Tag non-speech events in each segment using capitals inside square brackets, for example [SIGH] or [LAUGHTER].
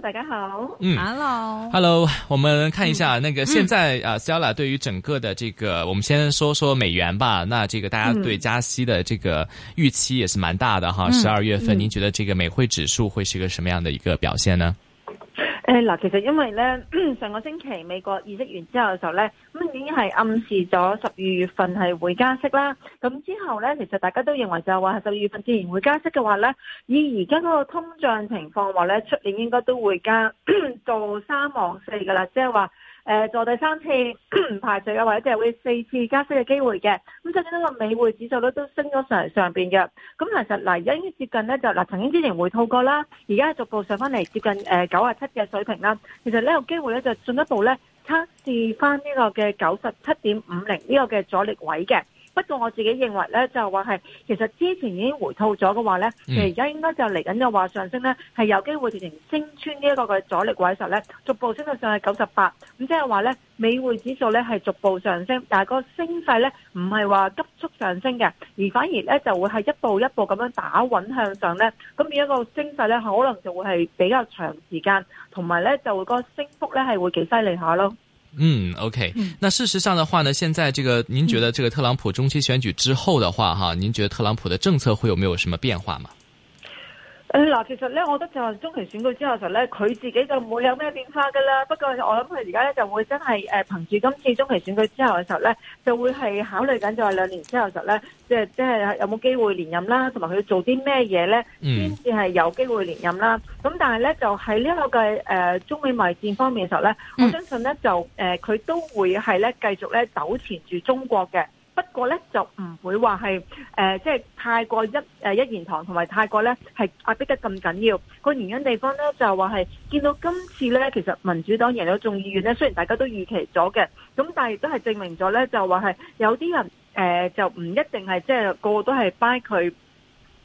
大家好，嗯，Hello，Hello，Hello, 我們看一下、嗯、那個現在 S、嗯、 啊 Celia 對於整個的這個，我們先說說美元吧。那這個大家對加息的這個預期也是蠻大的哈。十二、嗯、月份，嗯、您覺得這個美匯指數會是一個什麼樣的一個表現呢？誒嗱，其實因為咧，上個星期美國議息完之後嘅時候咧，咁已經係暗示咗十二月份係會加息啦。咁之後咧，其實大家都認為就係話十二月份自然會加息嘅話咧，以而家嗰個通脹情況話咧，出年應該都會加 [COUGHS] 做三望四噶啦，即係話。就是誒做第三次 [COUGHS] 排序嘅或者即係會四次加息嘅機會嘅，咁就見到個美匯指數咧都升咗上上邊嘅，咁其實嗱，而家已經接近咧就嗱、呃，曾經之前回吐過啦，而家逐步上翻嚟接近誒九啊七嘅水平啦，其實呢個機會咧就進一步咧測試翻呢個嘅九十七點五零呢個嘅阻力位嘅。不過我自己認為咧，就話係其實之前已經回吐咗嘅話咧，其實而家應該就嚟緊嘅話上升咧，係有機會變成升穿呢一個嘅阻力位嘅時候咧，逐步升到上去九十八，咁即係話咧美匯指數咧係逐步上升，但係個升勢咧唔係話急速上升嘅，而反而咧就會係一步一步咁樣打穩向上咧，咁變一個升勢咧可能就會係比較長時間，同埋咧就會個升幅咧係會幾犀利下咯。嗯，OK。那事實上的話呢，現在這個您覺得這個特朗普中期選舉之後的話，哈，您覺得特朗普的政策會有沒有什麼變化嗎？誒，嗱、呃，其實咧，我覺得就係中期選舉之後嘅時候咧，佢自己就唔會有咩變化噶啦。不過我諗佢而家咧就會真係，誒，憑住今次中期選舉之後嘅時候咧，就會係考慮緊就係兩年之後嘅時候咧，即係即係有冇機會連任啦，同埋佢做啲咩嘢咧，先至係有機會連任啦。咁、嗯、但係咧、這個，就喺呢一個嘅誒中美貿易戰方面嘅時候咧，我相信咧、嗯、就誒佢、呃、都會係咧繼續咧糾纏住中國嘅。不過呢，就唔會話係誒，即係太過一誒、呃、一言堂，同埋太過呢係壓迫得咁緊要。個原因地方呢，就話係見到今次呢，其實民主黨贏咗眾議院呢，雖然大家都預期咗嘅，咁但係亦都係證明咗呢，就話係有啲人誒、呃，就唔一定係即係個個都係掰佢。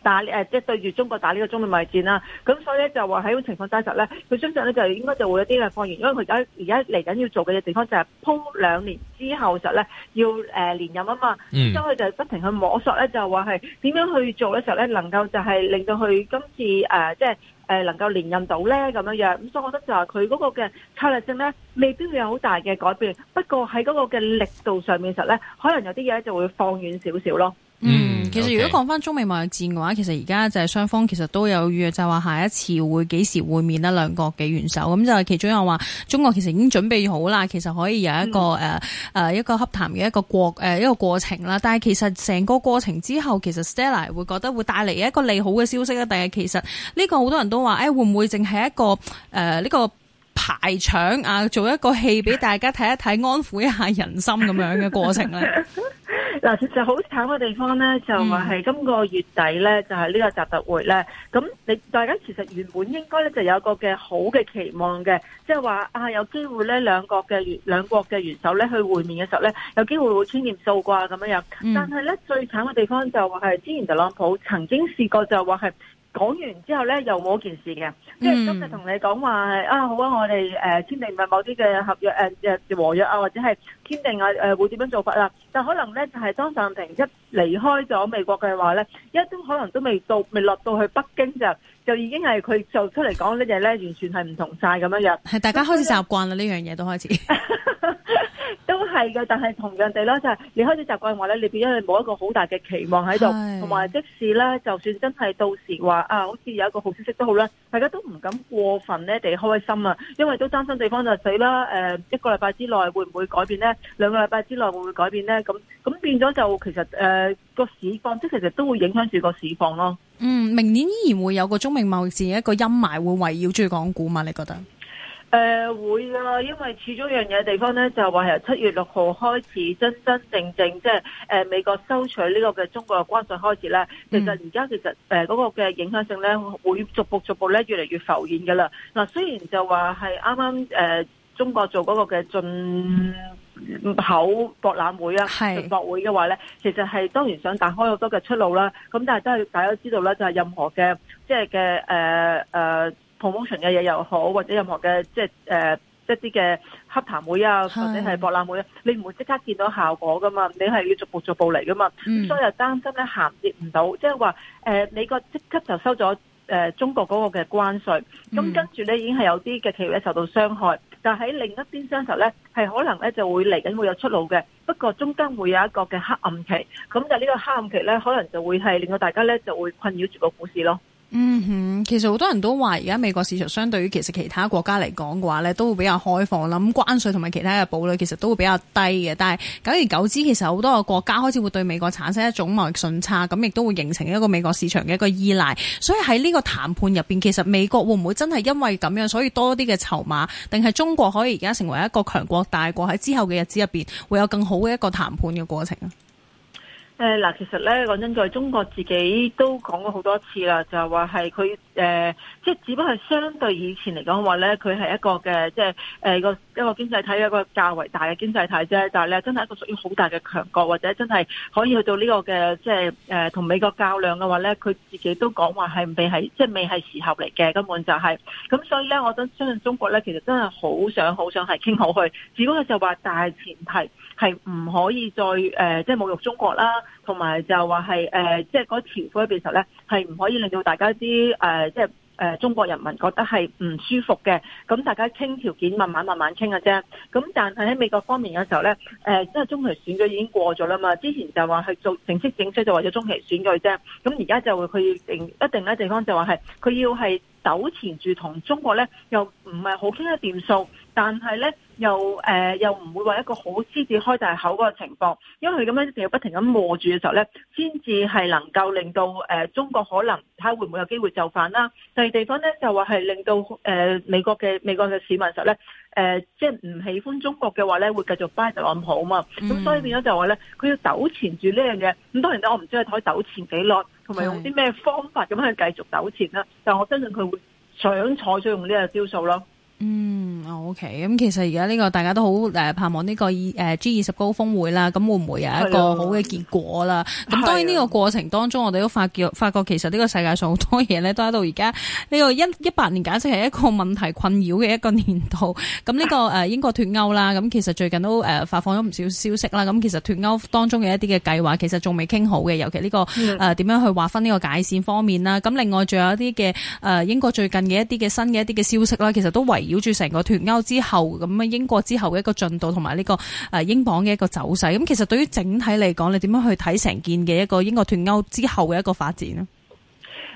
打誒、呃、即係對住中國打呢個中美貿易戰啦，咁所以咧就話喺呢種情況底下實咧，佢相信咧就應該就會有啲嘅放遠，因為佢而家而家嚟緊要做嘅地方就係鋪兩年之後實咧要誒、呃、連任啊嘛，咁佢、嗯、就不停去摸索咧就話係點樣去做嘅時候咧能夠就係令到佢今次誒、呃、即係誒、呃、能夠連任到咧咁樣樣，咁所以我覺得就係佢嗰個嘅策略性咧未必會有好大嘅改變，不過喺嗰個嘅力度上面實咧可能有啲嘢就會放遠少少咯，嗯。其實如果講返中美貿易戰嘅話，其實而家就係雙方其實都有預約，就係話下一次會幾時會面呢兩國嘅元首，咁就係其中又話中國其實已經準備好啦，其實可以有一個、嗯呃、一個洽談嘅一個過、呃、一個過程啦。但係其實成個過程之後，其實 Stella 會覺得會帶嚟一個利好嘅消息啦。但係其實呢個好多人都話、欸，會唔會淨係一個呢、呃呢個？排場啊，做一個戲俾大家睇一睇， [LAUGHS] 安撫一下人心咁樣嘅過程咧。嗱， [LAUGHS] 其實好慘嘅地方咧，就係今個月底咧，就係呢個習特會咧。咁你、嗯、大家其實原本應該咧，就是、有個嘅好嘅期望嘅，即係話啊有機會咧，兩國嘅元兩國嘅元首咧去會面嘅時候咧，有機會會穿連數啩咁樣樣。但係咧最慘嘅地方就係，之前特朗普曾經試過就話係。講完之後呢，又冇件事嘅，即係今日同你講話、mm. 啊，好啊，我哋誒簽訂唔係某啲嘅合約誒誒、呃、和約啊，或者係簽訂啊誒、呃、會點樣做法啦，但可能呢，就係、是、當習近平一離開咗美國嘅話呢，一都可能都未到未落到去北京就。就已經係佢做出嚟講呢啲咧，完全係唔同晒咁樣樣。係大家開始習慣啦，呢以樣嘢都開始， [LAUGHS] 都係嘅。但係同樣哋啦，就係、是、你開始習慣話咧，你變咗係冇一個好大嘅期望喺度，同埋是 即使咧，就算真係到時話啊，好似有一個好消息都好啦，大家都唔敢過分咧哋開心啊，因為都擔心對方就死啦。誒、呃，一個禮拜之內會唔會改變咧？兩個禮拜之內會唔會改變咧？咁咁變咗就其實誒、呃、個市況，即係其實都會影響住個市況咯。嗯，明年依然會有個中美貿易戰一個陰霾會圍繞住港股嘛？你覺得？誒、呃，會啦，因為始終一樣嘢地方咧，就話由七月六號開始真真正正，即係誒、呃、美國收取呢個嘅中國嘅關稅開始咧，其實而家其實誒嗰、呃那個嘅影響性咧，會逐步逐步咧越嚟越浮現噶啦。嗱、呃，雖然就話係啱啱誒中國做嗰個嘅進嗯口博覽會啊，進是博會嘅話咧，其實係當然想打開好多嘅出路啦。咁但係都係大家都知道啦，就係、是、任何嘅即係嘅誒誒、呃呃、promotion 嘅嘢又好，或者任何嘅即係誒、呃、一啲嘅洽談會啊，或者係博覽會，是你唔會即刻見到效果噶嘛。你係要逐步逐步嚟噶嘛。咁、嗯、所以擔心咧銜接唔到，即係話誒美國即刻就收咗誒、呃、中國嗰個嘅關稅，咁跟住咧已經係有啲嘅企業咧受到傷害。但喺另一邊廂頭咧，係可能咧就會嚟緊會有出路嘅，不過中間會有一個嘅黑暗期，咁就呢個黑暗期咧，可能就會係令到大家咧就會困擾住個股市咯。嗯哼，其實好多人都話而家美國市場相對於其實其他國家嚟講嘅話呢，都會比較開放啦。咁關稅同埋其他嘅壁壘其實都會比較低嘅。但係久而久之，其實好多個國家開始會對美國產生一種貿易順差，咁亦都會形成一個美國市場嘅一個依賴。所以喺呢個談判入邊，其實美國會唔會真係因為咁樣，所以多啲嘅籌碼，定係中國可以而家成為一個強國大國，喺之後嘅日子入邊會有更好嘅一個談判嘅過程啊？誒嗱，其實咧，講真句，中國自己都講過好多次啦，就係話係佢誒，即、呃、係、就是、只不過係相對以前嚟講話咧，佢係一個嘅即係誒個一個經濟體一個較為大嘅經濟體啫。但係咧真係一個屬於好大嘅強國，或者真係可以去到呢個嘅即係誒同美國較量嘅話咧，佢自己都講話係未係即係未係時候嚟嘅，根本就係、是。咁所以咧，我都相信中國咧，其實真係好想好想係傾落去，只不過就話大前提係唔可以再誒即係侮辱中國啦。同埋就話係誒，即係嗰條款嘅時候咧，係唔可以令到大家啲誒，即係誒，中國人民覺得係唔舒服嘅。咁大家傾條件，慢慢慢慢傾嘅啫。咁但係喺美國方面嘅時候咧，誒、呃，即係中期選舉已經過咗啦嘛。之前就話係做正式政策，就為咗中期選舉啫。咁而家就佢定一定咧地方就話係，佢要係糾纏住同中國咧，又唔係好傾得掂數。但係咧，又誒、呃、又唔會話一個好獅子開大口嗰個情況，因為佢咁樣一定不停咁磨住嘅時候咧，先至係能夠令到誒、呃、中國可能睇下會唔會有機會就範啦、啊。第二地方咧就話係令到誒、呃、美國嘅美國嘅市民嘅時候咧，誒即係唔喜歡中國嘅話咧，會繼續巴特特朗普啊嘛。咁、嗯、所以變咗就話咧，佢要糾纏住呢樣嘢。咁當然啦，我唔知佢可以糾纏幾耐，同埋用啲咩方法咁去繼續糾纏啦、啊。嗯、但係我相信佢會想採取用呢個招數咯。嗯，OK，咁其實而家呢個大家都好誒、呃、盼望呢個 G 二十高峰會啦，咁會唔會有一個好嘅結果啦？咁當然呢個過程當中，我哋都發覺發覺其實呢個世界上好多嘢呢都喺度。而家呢個一一八年，簡直係一個問題困擾嘅一個年度。咁呢、這個、呃、英國脱歐啦，咁其實最近都誒、呃、發放咗唔少消息啦。咁其實脱歐當中嘅一啲嘅計劃，其實仲未傾好嘅。尤其呢、這個誒點、嗯呃、樣去劃分呢個界線方面啦。咁另外仲有一啲嘅誒英國最近嘅一啲嘅新嘅一啲嘅消息啦，其實都圍住成個脱歐之後咁啊，英國之後嘅一個進度同埋呢個誒英鎊嘅一個走勢，咁其實對於整體嚟講，你點樣去睇成件嘅一個英國脱歐之後嘅一個發展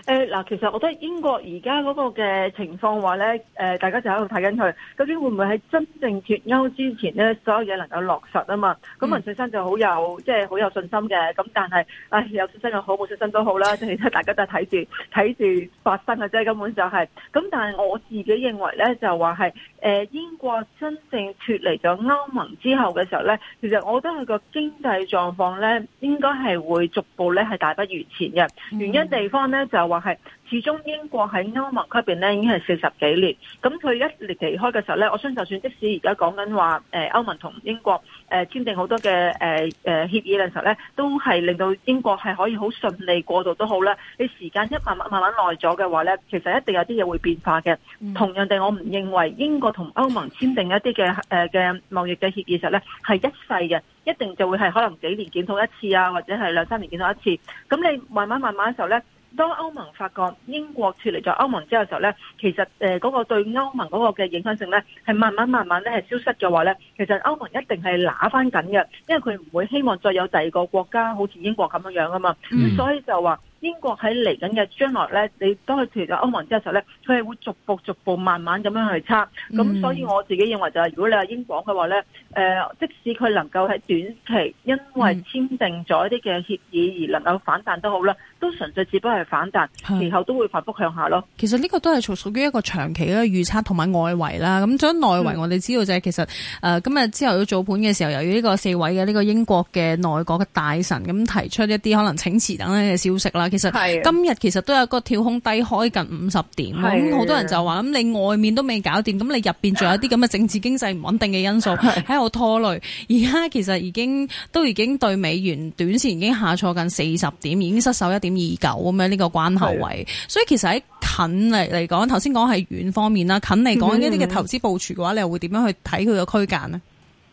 誒嗱，其實我覺得英國而家嗰個嘅情況話咧，誒，大家就喺度睇緊佢究竟會唔會喺真正脫歐之前咧，所有嘢，能夠落實啊嘛？咁文信生就好有，即係好有信心嘅。咁但係，誒有信心又好，冇信心都好啦，即係大家都係睇住睇住發生嘅啫。根本就係，咁但係我自己認為咧，就話係，誒，英國真正脫離咗歐盟之後嘅時候咧，其實我覺得佢個經濟狀況咧，應該係會逐步咧係大不如前嘅。原因地方咧就話。係始終英國喺歐盟裏邊呢，已經係四十幾年。咁佢一離開嘅時候呢，我相信，就算即使而家講緊話，誒，歐盟同英國誒簽訂好多嘅誒誒協議嘅時候呢，都係令到英國係可以好順利過渡都好啦。你時間一慢慢慢慢耐咗嘅話呢，其實一定有啲嘢會變化嘅。同樣地，我唔認為英國同歐盟簽訂一啲嘅誒嘅貿易嘅協議時候呢係一世嘅，一定就會係可能幾年檢討一次啊，或者係兩三年檢討一次。咁你慢慢慢慢嘅時候呢。當歐盟發覺英國脫離咗歐盟之後嘅時候咧，其實嗰個對歐盟嗰個嘅影響性呢，係慢慢慢慢消失嘅話呢，其實歐盟一定係揦返緊嘅，因為佢唔會希望再有第二個國家好似英國咁樣樣啊嘛，咁所以就話。英國喺嚟緊嘅將來咧，你當佢脫咗歐盟之後咧，佢係會逐步逐步慢慢咁樣去測。咁、嗯、所以我自己認為就係、是、如果你話英國嘅話咧，誒、呃，即使佢能夠喺短期因為簽訂咗一啲嘅協議而能夠反彈都好啦，嗯、都純粹只不過係反彈，然是後都會反覆向下咯。其實呢個都係屬屬於一個長期嘅預測同埋外圍啦。咁將內圍我哋知道就係、是嗯、其實誒今日之後要做盤嘅時候，由於呢個四位嘅呢、這個英國嘅內閣嘅大臣咁提出一啲可能請辭等等嘅消息啦。其實今日其實都有個跳空低開近五十點，咁好是的 多人就話，咁你外面都未搞掂，咁你入邊仲有啲咁嘅政治經濟唔穩定嘅因素喺度拖累，而家是的 其實已經都已經對美元短線已經下挫近四十點，已經失守一點二九咁樣呢個關口位，是的 所以其實喺近嚟嚟講，頭先講係遠方面啦，近嚟講呢啲嘅投資部署嘅話，你又會點樣去睇佢個區間呢？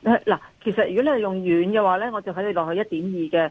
嗱。其實如果你係用遠嘅話咧，我就可以落去一點二嘅，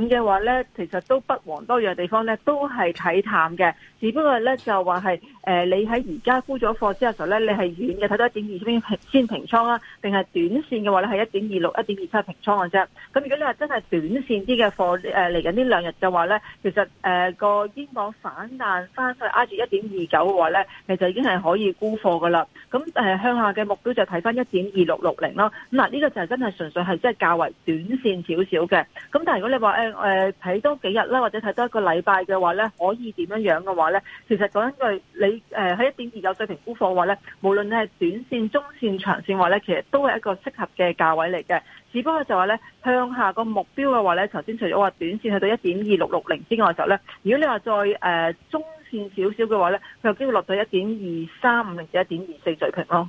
近嘅話咧，其實都不遑多嘅地方咧都係睇淡嘅，只不過咧就話係誒你喺而家沽咗貨之後時候咧，你係遠嘅睇到一點二先先平倉啊，定係短線嘅話咧係一點二六、一點二七平倉嘅、啊、啫。咁如果你係真係短線啲嘅貨誒嚟緊呢兩日就話咧，其實誒個、呃、英鎊反彈翻去挨住一點二九嘅話咧，其實已經係可以沽貨嘅啦。咁誒向下嘅目標就睇翻一點二六六零咯。咁嗱呢個就係真係。純粹係即係較為短線少少嘅，咁但係如果你話誒誒睇多幾日啦，或者睇多一個禮拜嘅話咧，可以點樣樣嘅話咧，其實講緊句你誒喺一點二九水平沽貨嘅話咧，無論你係短線、中線、長線話咧，其實都係一個適合嘅價位嚟嘅。只不過就話咧向下個目標嘅話咧，頭先除咗話短線去到一點二六六零之外就咧，如果你話再誒、呃、中線少少嘅話咧，佢有機會落到一點二三五零至一點二四水平咯。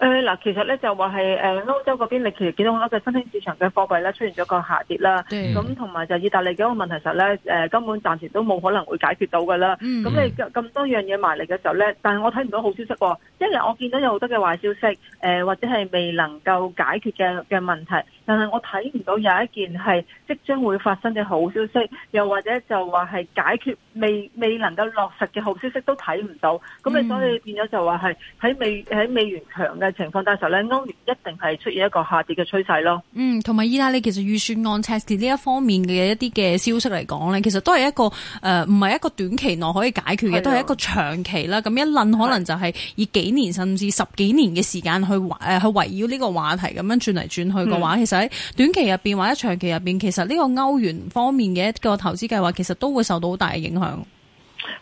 嗱、嗯，其實咧就話係歐洲嗰邊，你其實見到好多嘅新興市場嘅貨幣咧出現咗個下跌啦，咁同埋就意大利嗰個問題實咧、呃、根本暫時都冇可能會解決到噶啦，咁、嗯、你咁多樣嘢埋嚟嘅時候咧，但係我睇唔到好消息喎，哦，因為我見到有好多嘅壞消息，呃、或者係未能夠解決嘅嘅問題。但係我睇唔到有一件係即將會發生嘅好消息，又或者就話係解決未未能夠落實嘅好消息都睇唔到，咁你、嗯、所以變咗就話係喺美喺美元強嘅情況，但係時候咧歐元一定係出現一個下跌嘅趨勢咯。嗯，同埋意大利其實預算案赤字呢一方面嘅一啲嘅消息嚟講咧，其實都係一個誒唔係一個短期內可以解決嘅，的都係一個長期啦。咁一論可能就係以幾年的甚至十幾年嘅時間去誒、呃、去圍繞呢個話題咁樣轉嚟轉去嘅話，其實、嗯。喺短期入邊或者長期入邊，其實呢個歐元方面嘅一個投資計劃，其實都會受到好大嘅影響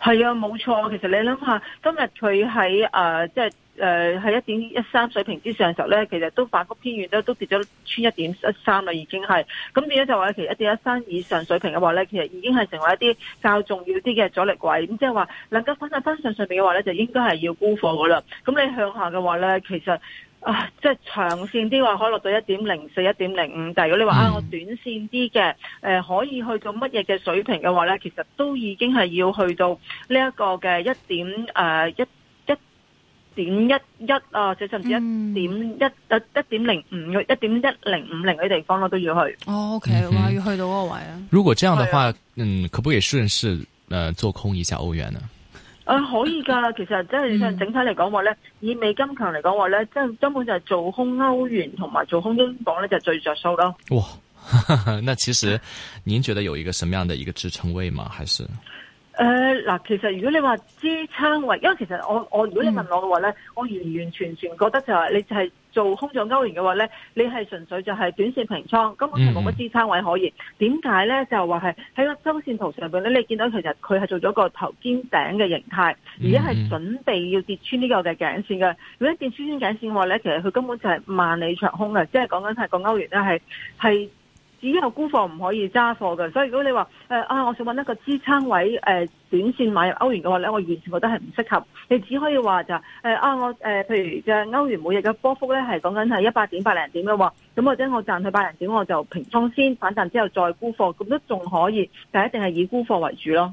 是。係啊，冇錯。其實你諗下，今日佢喺誒即係誒喺一點一三水平之上嘅時候咧，其實都反覆偏遠咗，都跌咗穿一點一三啦，已經係咁變咗就話其實一點一三以上水平嘅話咧，其實已經係成為一啲較重要啲嘅阻力位。咁即係話能夠分壓翻上上邊嘅話咧，就應該係要沽貨噶啦。咁你向下嘅話咧，其實。啊，即係長線啲話可以落到一點零四、一點零五。但係如果你話、嗯、啊，我短線啲嘅，誒、呃、可以去到乜嘢嘅水平嘅話咧，其實都已經係要去到呢一個嘅一點誒一一點一一啊，甚至一點一一點零五、一點一零五零嘅地方咯，都要去。哦，OK 啊，要去到嗰個位啊、嗯。如果這樣的話，的嗯，可唔可以順勢誒、呃、做空一下歐元呢？呃、可以噶，其實即係整體嚟講話咧，嗯、以美金強嚟講話咧，即係根本就係做空歐元同埋做空英鎊咧，就最着數咯。哇哈哈，那其實您覺得有一個什麼樣嘅一個支撐位嗎？還是？呃、其實如果你話支撐位，因為其實我，我如果你問我嘅話呢，嗯、我完完全全覺得就係你就係做空漲歐元嘅話呢，你係純粹就係短線平倉，根本就冇乜支撐位可以。點解呢？就係話係喺個週線圖上面咧，你見到其實佢係做咗個頭肩頂嘅形態，而家係準備要跌穿呢個嘅頸線嘅。如果跌穿穿頸線嘅話呢，其實佢根本就係萬里長空嘅，即係講緊係個歐元咧係，係只有沽貨唔可以揸貨嘅，所以如果你話誒啊，我想搵一個支撐位誒、呃，短線買入歐元嘅話咧，我完全覺得係唔適合。你只可以話就誒啊，我誒、呃、譬如嘅歐元每日嘅波幅咧係講緊係一百點百零點嘅喎，咁或者我賺佢百零點我就平倉先，反彈之後再沽貨，咁都仲可以，但一定係以沽貨為主咯。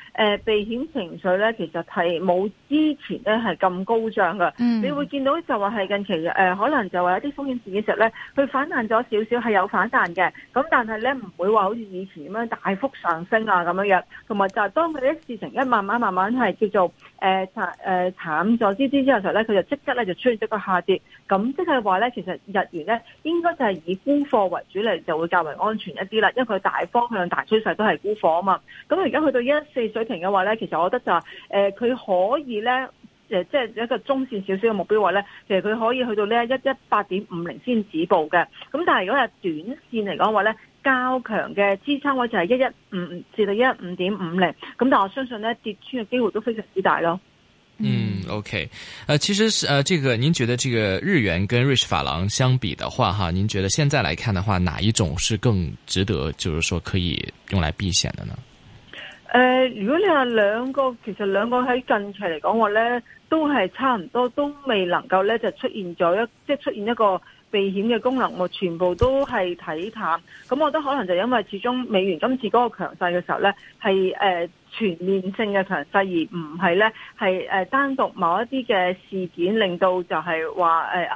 誒、呃，避險情緒咧，其實係冇之前咧係咁高漲噶。嗯、你會見到就話係近期誒、呃，可能就話一啲風險事件嘅時候咧，佢反彈咗少少，係有反彈嘅。咁但係咧，唔會話好似以前咁樣大幅上升啊咁樣樣。同埋就係當佢啲事情一慢慢慢慢係叫做誒慘誒慘咗啲啲之後咧，佢就即刻咧就出現一個下跌。咁即係話咧，其實日元咧應該就係以沽貨為主嚟，就會較為安全一啲啦。因為佢大方向大趨勢都係沽貨啊嘛。咁而家去到一四水平嘅話咧，其實我覺得就係、是、誒，佢、呃、可以咧誒、呃，即係一個中線少少嘅目標位咧，其實佢可以去到呢，一一八點五零先止步嘅。咁但係如果係短線嚟講話咧，較強嘅支撐位就係一一五至到一一五點五零。咁但係我相信咧，跌穿嘅機會都非常之大咯。嗯，OK，誒、呃，其實是誒、呃，這個您覺得，這個日元跟瑞士法郎相比的話，哈，您覺得現在來看的話，哪一種是更值得，就是說可以用來避險的呢？誒、呃，如果你話兩個，其實兩個喺近期嚟講話咧，都係差唔多，都未能夠咧就出現咗一，即係出現一個，避險嘅功能我全部都係睇淡，咁我覺得可能就因為始終美元今次嗰個強勢嘅時候咧，係誒、呃、全面性嘅強勢，而唔係咧係誒單獨某一啲嘅事件令到就係話誒啊誒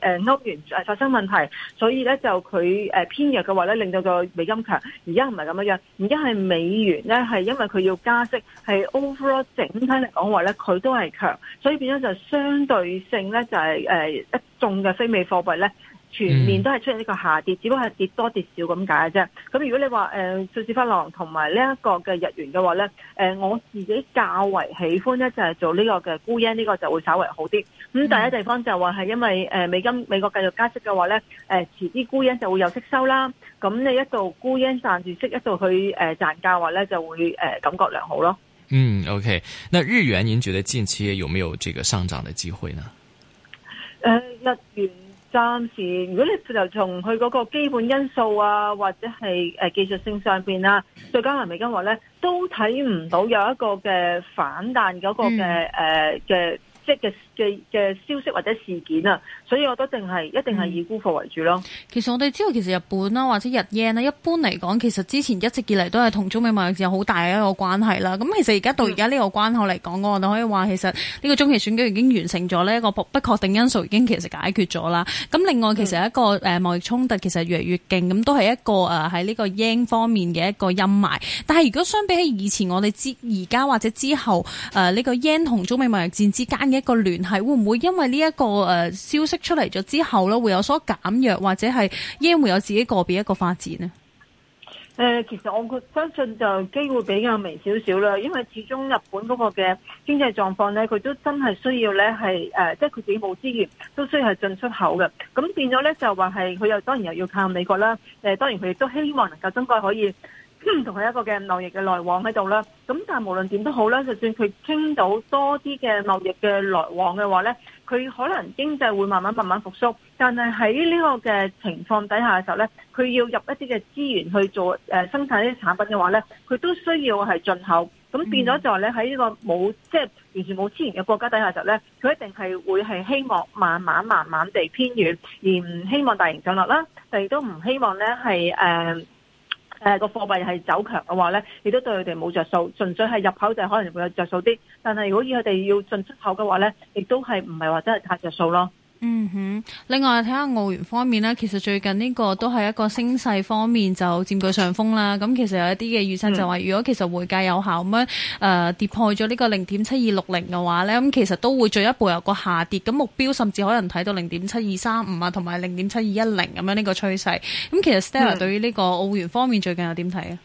誒歐元誒發生問題，所以咧就佢誒偏弱嘅話咧，令到個美金強。而家唔係咁樣樣，而家係美元咧係因為佢要加息，係 overall 整體嚟講話咧，佢都係強，所以變咗就相對性咧就係、是、誒。呃中嘅非美貨幣咧，全面都係出現呢個下跌，嗯、只不過係跌多跌少咁解啫。咁如果你話誒瑞士法郎同埋呢一個嘅日元嘅話咧，誒、呃、我自己較為喜歡咧就係、是、做呢個嘅沽英呢個就會稍微好啲。咁第一地方就係話係因為誒、呃、美金美國繼續加息嘅話咧，誒、呃、遲啲沽英就會有息收啦。咁你一度沽英賺住息，一度去誒、呃、賺價嘅話咧，就會誒、呃、感覺良好咯。嗯，OK。那日元，您覺得近期有沒有這個上漲嘅機會呢？誒、呃，日元暫時，如果你就從佢嗰個基本因素啊，或者係誒、呃、技術性上面啦、啊，再加上美金話咧，都睇唔到有一個嘅反彈嗰個嘅誒嘅。嗯呃嘅嘅嘅消息或者事件啊，所以我覺得一定係一定係以沽貨為主咯、嗯。其實我哋知道，其實日本啦或者日英 e 一般嚟講，其實之前一直以嚟都係同中美貿易戰有好大嘅一個關係啦。咁其實而家到而家呢個關口嚟講，嗯、我哋可以話，其實呢個中期選舉已經完成咗咧，一個不不確定因素已經其實解決咗啦。咁另外其實一個誒貿、嗯啊、易衝突其實越嚟越勁，咁都係一個誒喺呢個英方面嘅一個陰霾。但係如果相比起以前，我哋之而家或者之後誒呢、啊這個英同中美貿易戰之間嘅一個聯繫會唔會因為呢一個誒消息出嚟咗之後咧，會有所減弱或者係亦會有自己個別一個發展呢？誒，其實我相信就機會比較微少少啦，因為始終日本嗰個嘅經濟狀況咧，佢都真係需要咧係誒，即係佢自己冇資源，都需要係進出口嘅。咁變咗咧就話係佢又當然又要靠美國啦。誒，當然佢亦都希望能夠中國可以。同佢一個嘅貿易嘅來往喺度啦，咁但係無論點都好啦，就算佢傾到多啲嘅貿易嘅來往嘅話咧，佢可能經濟會慢慢慢慢復甦，但係喺呢個嘅情況底下嘅時候咧，佢要入一啲嘅資源去做誒生產呢啲產品嘅話咧，佢都需要係進口，咁變咗就係咧喺呢個冇即係完全冇資源嘅國家底下就咧，佢一定係會係希望慢慢慢慢地偏軟，而唔希望大型上落啦，但亦都唔希望咧係、呃誒個、呃、貨幣係走強嘅話咧，亦都對佢哋冇着數，純粹係入口就可能會有着數啲，但係如果以佢哋要進出口嘅話咧，亦都係唔係話真係太着數咯。嗯哼，另外睇下澳元方面啦，其實最近呢個都係一個升勢方面就佔據上風啦。咁其實有一啲嘅預測就話，如果其實匯價有效咁樣誒跌破咗呢個零點七二六零嘅話呢，咁其實都會進一步有一個下跌。咁目標甚至可能睇到零點七二三五啊，同埋零點七二一零咁樣呢個趨勢。咁其實 Stella 對於呢個澳元方面最近又點睇啊？嗯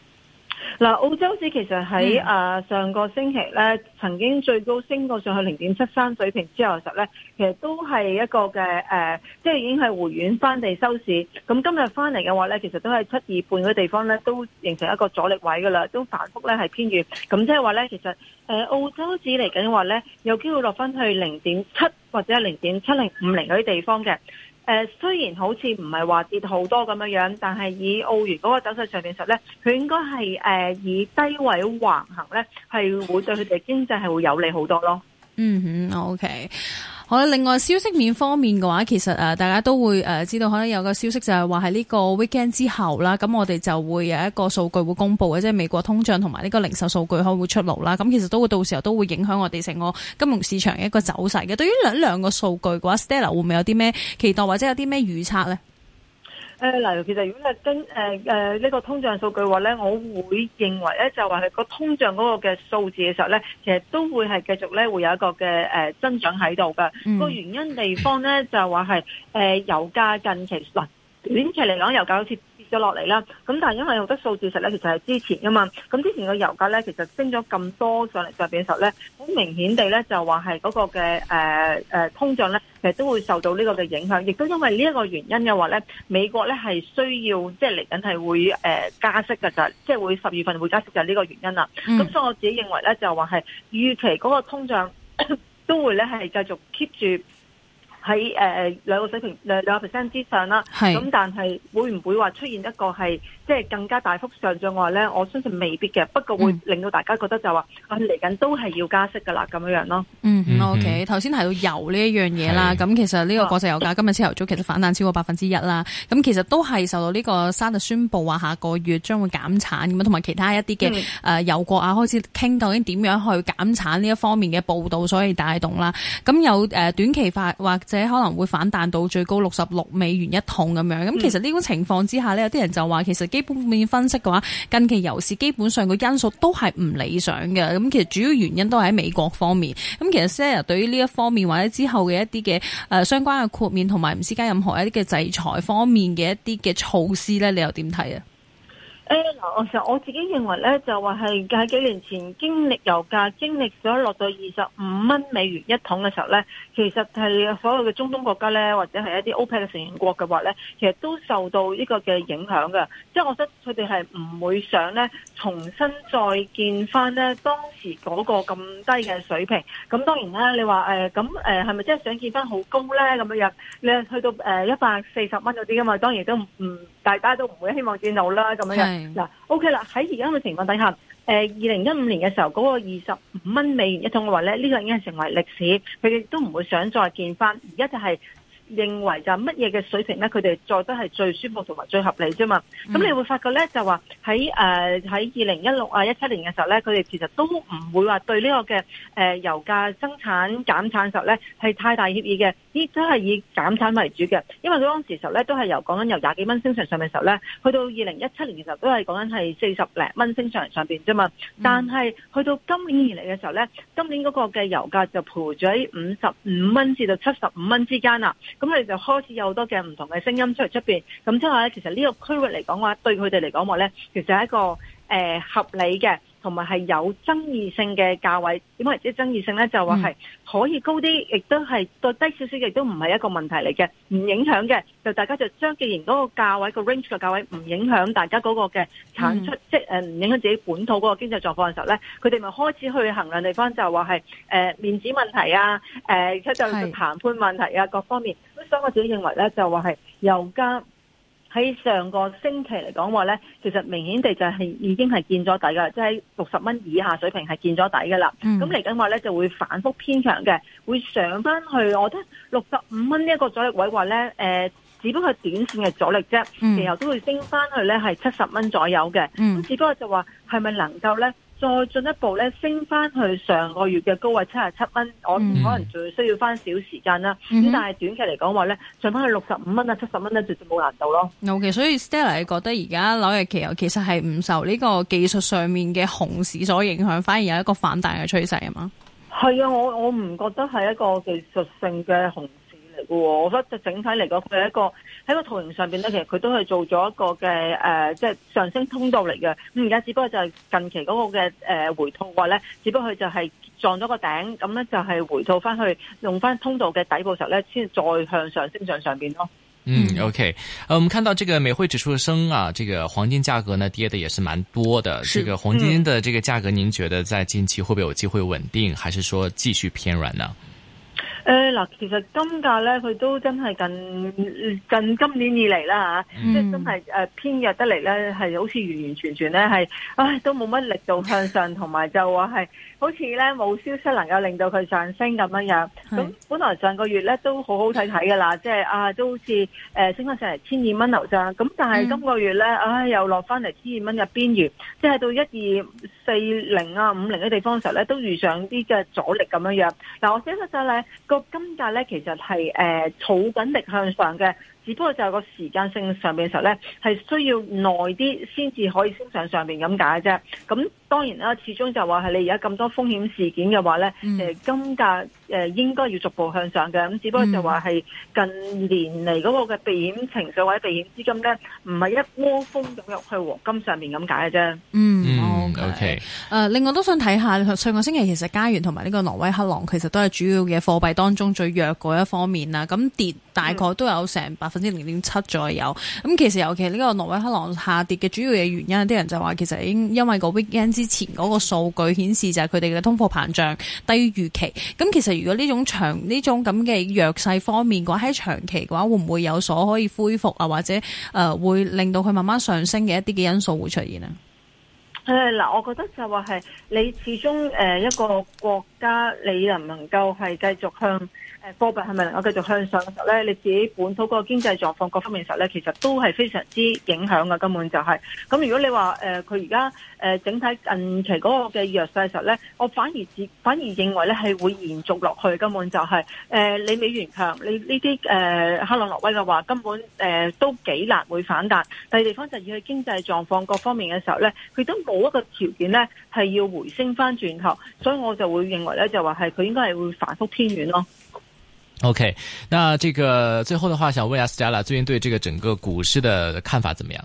嗱、啊，澳洲指其實喺誒、啊嗯、上個星期咧，曾經最高升過上去零點七三水平之後嘅時候咧，其實都係一個嘅誒、呃，即係已經係回軟翻地收市。咁今日翻嚟嘅話咧，其實都係七二半啲地方咧，都形成一個阻力位噶啦，都反覆咧係偏軟。咁即係話咧，其實誒、呃、澳洲指嚟緊話咧，有機會落翻去零點七或者零點七零五零嗰啲地方嘅。誒、呃，雖然好似唔係話跌好多咁樣樣，但係以澳元嗰個走勢上面嚟講咧，佢應該係誒以低位橫行咧，係會對佢哋經濟係會有利好多咯。嗯哼，OK。另外消息面方面嘅話，其實誒，大家都會誒知道，可能有個消息就係話喺呢個 weekend 之後啦，咁我哋就會有一個數據會公布嘅，即係美國通脹同埋呢個零售數據可能會出爐啦。咁其實都會到時候都會影響我哋成個金融市場嘅一個走勢嘅。對於兩兩個數據嘅話，Stella 會唔會有啲咩期待，或者有啲咩預測呢？誒嗱，其實如果係跟呢、呃呢個通脹數據話咧，我會認為咧就話係個通脹嗰個嘅數字嘅時候咧，其實都會係繼續咧會有一個嘅誒增長喺度㗎。個、嗯、原因地方咧就話係、呃、油價近期嗱短、呃、期嚟講，油價好似，落嚟啦，咁、嗯、但係因為好多數字實咧，其實係之前噶嘛，咁之前個油價咧，其實升咗咁多上嚟上邊時候咧，好明顯地咧就話係嗰個嘅誒誒通脹咧，其實都會受到呢個嘅影響，亦都因為呢一個原因嘅話咧，美國咧係需要即係嚟緊係會誒加息噶咋，即係會十月份會加息就係呢個原因啦。咁、嗯、所以我自己認為咧就話係預期嗰個通脹都會咧係繼續 keep 住。喺兩個水平兩個 percent 之上啦，咁是但係會唔會話出現一個係即係更加大幅上漲話咧？我相信未必嘅，不過會令到大家覺得就話嚟緊都係要加息㗎啦咁樣囉咯。嗯 OK 頭先提到油呢一樣嘢啦，咁是其實呢個國際油價、啊、今日朝頭早其實反彈超過百分之一啦，咁其實都係受到呢個沙特宣布話下個月將會減產咁啊，同埋其他一啲嘅、嗯呃、油國啊開始傾究竟點樣去減產呢一方面嘅報導，所以帶動啦。咁有短期化或或者可能會反彈到最高六十六美元一桶咁樣，咁其實呢種情況之下呢，有啲人就話其實基本面分析嘅話，近期油市基本上個因素都係唔理想嘅。咁其實主要原因都係喺美國方面。咁其實 Sarah 對於呢一方面或者之後嘅一啲嘅誒相關嘅豁免同埋唔施加任何一啲嘅制裁方面嘅一啲嘅措施呢，你又點睇啊？咧，我其實我自己認為咧，就話係喺幾年前經歷油價經歷咗落到二十五蚊美元一桶嘅時候咧，其實係所有嘅中東國家咧，或者係一啲 OPEC 嘅成員國嘅話咧，其實都受到呢個嘅影響嘅。即係我覺得佢哋係唔會想咧重新再見翻咧當時嗰個咁低嘅水平。咁當然啦，你話誒咁誒係咪真係想見翻好高咧？咁樣樣，你去到誒一百四十蚊嗰啲嘅嘛，當然都唔大家都唔會希望見到啦。咁樣樣。嗱，OK 啦，喺而家嘅情況底下，誒二零一五年嘅時候嗰個二十五蚊美元一桶嘅話咧，呢個已經係成為歷史，佢哋都唔會想再見翻，而家就係。認為就乜嘢嘅水平咧，佢哋做得係最舒服同埋最合理啫嘛。咁、嗯、你會發覺咧，就話喺誒喺二零一六啊一七年嘅時候咧，佢哋其實都唔會話對呢、這個嘅誒、呃、油價生產減產時候咧係太大協議嘅，亦都係以減產為主嘅。因為佢當時時候咧都係由講緊由廿幾蚊升上上嘅時候咧，去到二零一七年嘅時候都係講緊係四十零蚊升上上邊啫嘛。嗯、但係去到今年以嚟嘅時候咧，今年嗰個嘅油價就徘徊住喺五十五蚊至到七十五蚊之間啦。咁佢哋就開始有好多嘅唔同嘅聲音出嚟出邊。咁即係話咧，其實呢個區域嚟講嘅話，對佢哋嚟講話咧，其實係一個誒、呃、合理嘅。同埋係有爭議性嘅價位，點解即係爭議性咧？就話係可以高啲，亦、嗯、都係低少少，亦都唔係一個問題嚟嘅，唔影響嘅。就大家就將既然嗰個價位個 range 嘅價位唔影響大家嗰個嘅產出，即係誒唔影響自己本土嗰個經濟狀況嘅時候咧，佢哋咪開始去衡量地方就話係，就話係面子問題啊，誒佢就談判問題啊，是各方面。咁所以我自己認為咧，就話係由家。喺上個星期嚟講話咧，其實明顯地就係已經係見咗底噶，即係六十蚊以下水平係見咗底噶啦。咁嚟緊話咧就會反覆偏強嘅，會上翻去。我覺得六十五蚊呢一個阻力位話咧、呃，只不過係短線嘅阻力啫，然後、嗯、都會升翻去咧係七十蚊左右嘅。咁、嗯、只不過就話係咪能夠咧？再進一步咧，升翻去上個月嘅高位七十七蚊，我唔可能仲需要翻少少時間啦。咁、嗯、但係短期嚟講話咧，上翻去六十五蚊啊、七十蚊咧，絕對冇難度咯。Okay，所以 Stella 你覺得而家紐約期油其實係唔受呢個技術上面嘅熊市所影響，反而有一個反彈嘅趨勢啊嘛。係啊，我我唔覺得係一個技術性嘅熊。我覺得就整體嚟講，佢係一個喺個圖形上邊呢，其實佢都係做咗一個嘅誒、呃，即係上升通道嚟嘅。咁而家只不過就係近期嗰個嘅誒回吐嘅話呢，只不過佢就係撞咗個頂，咁呢，就係回吐翻去用翻通道嘅底部時候呢，先再向上升上上邊咯、嗯 okay。嗯，OK，我們看到這個美匯指數升啊，這個黃金價格呢跌得也是蠻多的。是，這個黃金的這個價格，您覺得在近期會不會有機會穩定，還是說繼續偏軟呢？誒，嗱、呃，其實金價咧，佢都真係近近今年以嚟啦吓，嗯、即係真係誒，偏弱得嚟咧，係好似完完全全咧係，唉，都冇乜力度向上，同埋就話係。好似咧冇消息能夠令到佢上升咁樣樣，咁是本來上個月咧都、啊、都好好睇睇嘅啦，即係啊都好似誒升咗上嚟千二蚊樓上，咁但係今個月咧，唉又落翻嚟千二蚊嘅邊緣，即係到一二四零啊五零嘅地方時候咧，都遇上啲嘅阻力咁樣樣。嗱、啊，我寫實就呢個金價咧，其實係誒儲緊力向上嘅。只不過就係個時間性上邊嘅時候咧，係需要耐啲先至可以升上上邊咁解啫。咁當然啦、啊，始終就話係你而家咁多風險事件嘅話咧，誒、嗯呃，金價誒、呃、應該要逐步向上嘅。咁只不過就話係近年嚟嗰個嘅避險情緒或者避險資金咧，唔係一窩蜂咁入去黃金上面咁解嘅啫。嗯。O.K.，誒、嗯，okay uh，另外都想睇下上個星期其實加元同埋呢個挪威克朗其實都係主要嘅貨幣當中最弱嗰一方面啦。咁跌大概都有成百分之零點七左右。咁、嗯、其實尤其呢個挪威克朗下跌嘅主要嘅原因，啲人就話其實已經因為個 weekend 之前嗰個數據顯示就係佢哋嘅通貨膨脹低於預期。咁其實如果呢種長呢種咁嘅弱勢方面嘅話，喺長期嘅話，會唔會有所可以恢復啊？或者誒、呃、會令到佢慢慢上升嘅一啲嘅因素會出現啊？誒嗱，我覺得就話係，你始終誒一個國家，你能唔能夠係繼續向……誒貨幣係咪能夠繼續向上嘅時候咧？你自己本土嗰個經濟狀況各方面嘅時候咧，其實都係非常之影響嘅。根本就係、是、咁。如果你話誒佢而家誒整體近期嗰個嘅弱勢嘅時候咧，我反而自反而認為咧係會延續落去。根本就係、是、誒、呃、你美元強，你呢啲誒克朗挪威嘅話根本誒、呃、都幾難會反彈。第二地方就係佢經濟狀況各方面嘅時候咧，佢都冇一個條件咧係要回升返轉頭，所以我就會認為咧就話係佢應該係會反覆偏遠咯。OK，那這個最後的話，想問下 Stella，最近對這個整個股市的看法怎麼樣？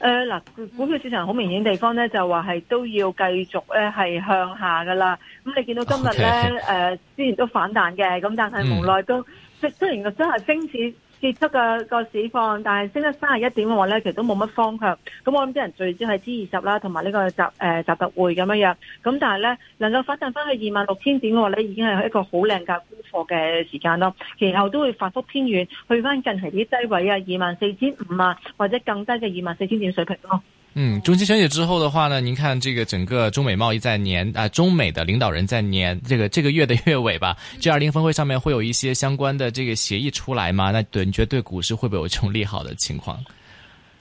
誒嗱、呃，股票市場好明顯的地方呢就話係都要繼續咧、呃、係向下噶啦。咁你見到今日咧，誒 Okay.、呃、之前都反彈嘅，咁但係無奈都即、嗯、雖然個真係升市。結束嘅個市況，但係升得三十一點嘅話咧，其實都冇乜方向。咁我諗啲人最中係支二十 G20 啦，同埋呢個習、呃、習特會咁樣樣。咁但係咧，能夠反彈翻去二萬六千點嘅話咧，已經係一個好靚價沽貨嘅時間咯。其後都會反覆偏軟，去翻近期啲低位啊，二萬四千五啊，或者更低嘅二萬四千點水平咯。嗯，中期選舉之後的話呢，您看這個整個中美貿易在年啊，中美的領導人在年這個這個月的月尾吧，G20，嗯、峰會上面會有一些相關的這個協議出來嗎？那對，你覺得對股市會不會有這種利好的情況？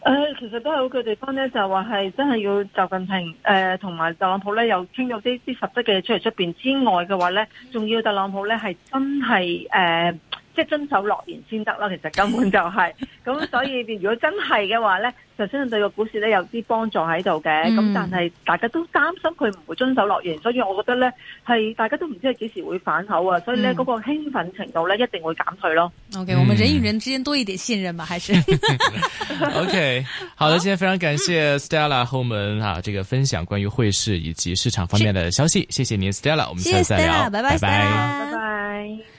呃，其實都係有個地方呢，就話、是、係真係要習近平呃同埋特朗普呢，有傾咗啲啲實質嘅出嚟出邊之外嘅話呢，仲要特朗普呢係真係誒。呃即係遵守諾言先得啦，其實根本就係、是、咁， [LAUGHS] 所以如果真係嘅話咧，就相信對個股市咧有啲幫助喺度嘅，咁、嗯、但係大家都擔心佢唔會遵守諾言，所以我覺得咧係大家都唔知係幾時會反口啊，所以咧嗰個興奮程度咧一定會減退咯。OK，、嗯、我們人與人之間多一點信任嘛。還是 [LAUGHS] [LAUGHS] OK？好啦，今天非常感謝 Stella 同我們、哦、啊，嗯、這個分享關於匯市以及市場方面的消息，是謝謝您 Stella，謝謝 Stella, 我們下次再聊，謝謝 Stella, 拜拜，拜拜。Bye bye。